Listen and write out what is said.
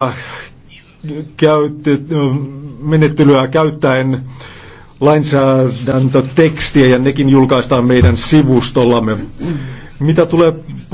Ah, käytti menettelyä käyttäen lainsäädäntötekstiä ja nekin julkaistaan meidän sivustollamme. Mitä tulee